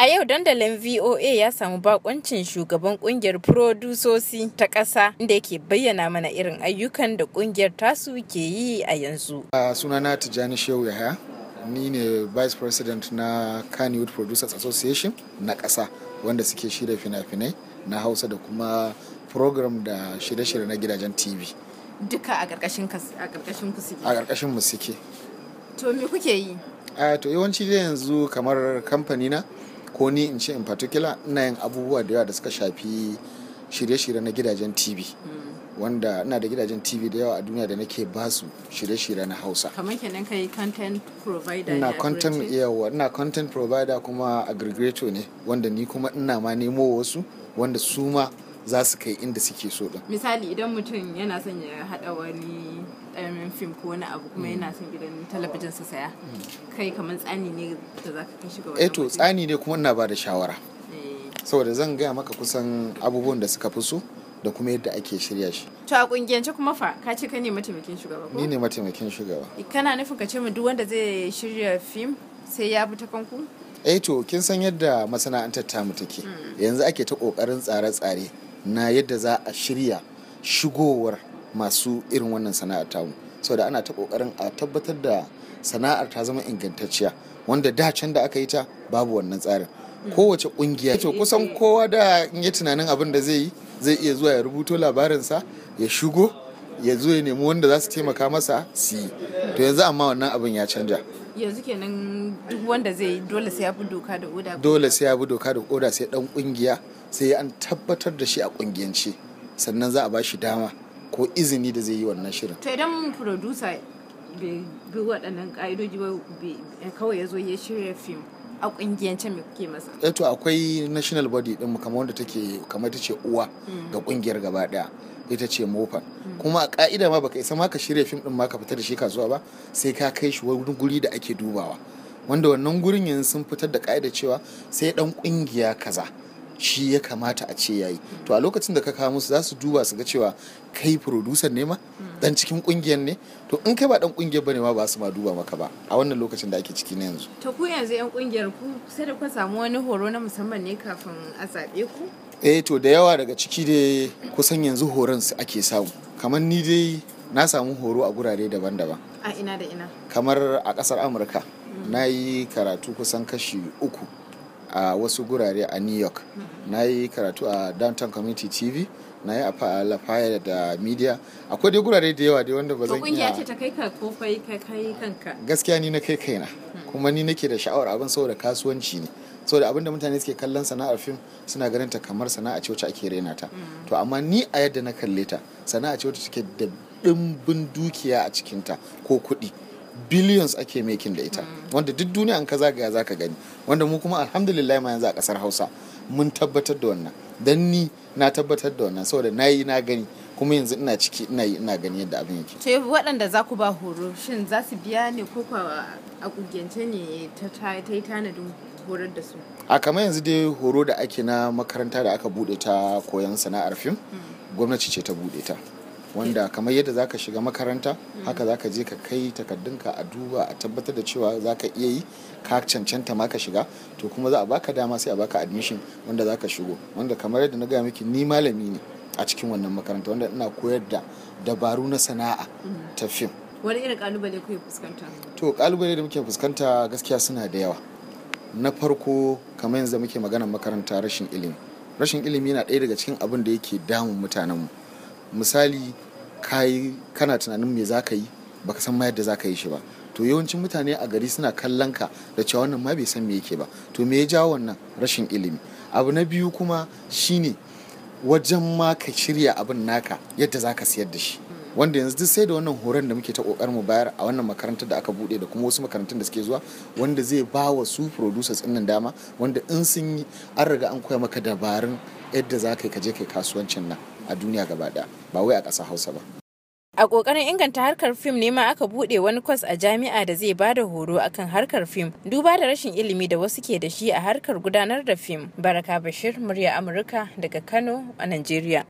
A yau dandalin VOA ya samu bakoncin shugaban kungiyar produsosi ta ƙasa inda yake bayyana mana irin ayyukan da kungiyar tasu ke yi a yanzu. A sunana tijani Shehu Yahaya, ni ne Vice President na Kannywood Producers Association na ƙasa wanda suke shirya fina-finai na Hausa da kuma program da shirye-shirye na gidajen TV. Duka a ƙarƙashin ku suke? A ƙarƙashin mu suke. To me kuke yi? Uh, to yawanci yanzu kamar kamfani na ko ni in ce in particular ina yin abubuwa da yawa da suka shafi shirye-shirye na gidajen tv mm. wanda ina da gidajen tv da yawa a duniya da nake basu shirye-shirye na hausa kamar kenan kai content provider ina content content provider kuma aggregator ne wanda ni kuma ina ma nemo wasu wanda su ma za su kai inda suke so din misali idan mutum yana son ya hada wani ƙaramin fim ko wani abu kuma yana son gidan talabijin su saya hmm. kai kamar tsani ne da za ka kai shiga wani eh to tsani ne kuma ina ba da shawara eh. saboda zan gaya maka kusan abubuwan da suka fi so da kuma yadda ake shirya shi. To a kungiyance kuma fa ka ce ka ne mataimakin shugaba ko? Ni ne mataimakin shugaba. Eh, kana nufin ka ce mu duk wanda zai shirya fim sai ya bi ta kanku? Eh to kin san yadda masana'antar tamu take. Hmm. Yanzu ake ta kokarin tsare-tsare na yadda za a shirya shigowar masu irin wannan sana'ar tamu saboda ana ta kokarin a tabbatar da sana'ar ta zama ingantacciya wanda da can da aka yi ta babu wannan tsarin mm. kowace kungiya to kusan kowa da in yi tunanin abin da zai yi zai iya zuwa ya rubuto labarinsa ya shigo ya zo ya nemi wanda za su taimaka masa su yi to yanzu amma wannan abin ya canja yanzu kenan duk wanda zai dole sai ya bi doka da oda dole sai ya bi doka da oda sai dan kungiya sai an tabbatar da shi a kungiyance sannan za a ba shi dama ko izini da zai yi wannan shirin to idan producer bai bi waɗannan ƙa'idoji ba kawai ya zo ya shirya fim a kungiyance mai kuke masa eh akwai national body din mu kamar wanda take kamar ta ce uwa hmm. ga kungiyar gaba daya ita ce mofa hmm. kuma a ka'ida ma baka isa ma ka shirya fim din ma ka fita da shi kasuwa ba sai ka kai shi wani guri da ake dubawa wanda wannan gurin yanzu sun fitar da ka'ida cewa sai dan kungiya kaza shi ya kamata a ce yayi to a lokacin da ka kawo musu za su duba su ga cewa kai producer ne ma dan cikin kungiyar ne to in kai ba dan kungiyar bane ma ba su ma duba maka ba a wannan lokacin da ake ciki na yanzu to ku yanzu yan kungiyar ku sai da ku samu wani horo na musamman ne kafin a zabe ku eh to da yawa daga ciki dai kusan yanzu horon su ake samu kamar ni dai na samu horo a gurare daban-daban a ina da ina kamar a kasar amurka na yi karatu kusan kashi uku a wasu gurare a new york na yi karatu a downtown community tv na yi a lafaya da media akwai dai gurare da yawa dai wanda ba zan iya ce ta kai ka ko kai kai kanka gaskiya ni na kai kaina kuma ni nake da sha'awar abin saboda kasuwanci ne saboda abin da mutane suke kallon sana'ar fim suna ganin ta kamar sana'a ce wacce ake raina ta to amma ni a yadda na kalle ta sana'a ce wacce take da dimbin dukiya a cikinta ko kuɗi billions ake making da ita mm. wanda duk duniya an ka zagaya za ka gani wanda mu kuma alhamdulillah ma yanzu a kasar Hausa mun tabbatar da wannan dan ni na tabbatar da wannan saboda nayi na gani kuma yanzu ina ciki ina yi ina gani yadda abin yake to waɗanda za ku ba horo shin za su biya ne ko a kugiyance ne ta yi tanadin horar da su a kamar yanzu dai horo da ake na makaranta da aka bude ta koyon sana'ar fim mm. gwamnati ce ta bude ta wanda kamar yadda zaka shiga makaranta haka zaka je ka kai takardunka a duba a tabbatar da cewa zaka iya yi ka cancanta ma ka shiga to kuma za a baka dama sai a baka admission wanda zaka shigo wanda kamar yadda na gaya miki ni malami ne a cikin wannan makaranta wanda ina koyar da dabaru na sana'a ta fim wani irin kalubale kuke fuskanta to kalubale da muke fuskanta gaskiya suna da yawa na farko kamar yanzu muke maganar makaranta rashin ilimi rashin ilimi yana ɗaya daga cikin abin da yake damun mutanenmu misali kai kana tunanin me za ka yi baka san ma yadda za ka yi shi ba to yawancin mutane a gari suna kallon ka da cewa wannan ma bai san me yake ba to me ya jawo wannan rashin ilimi abu na biyu kuma shine wajen ma ka shirya abin naka yadda za ka siyar da shi wanda yanzu duk sai da wannan horon da muke ta kokarin mu bayar a wannan makarantar da aka bude da kuma wasu makarantun da suke zuwa wanda zai ba wa su producers nan dama wanda in sun yi an riga an koya maka dabarun yadda za ka yi ka je kai kasuwancin nan a duniya gaba ba wai a ƙasa hausa ba a ƙoƙarin inganta harkar fim ne ma aka buɗe wani kwas a jami'a da zai bada horo akan harkar fim duba da rashin ilimi da wasu ke da shi a harkar gudanar da fim baraka bashir murya amurka daga kano a nigeria.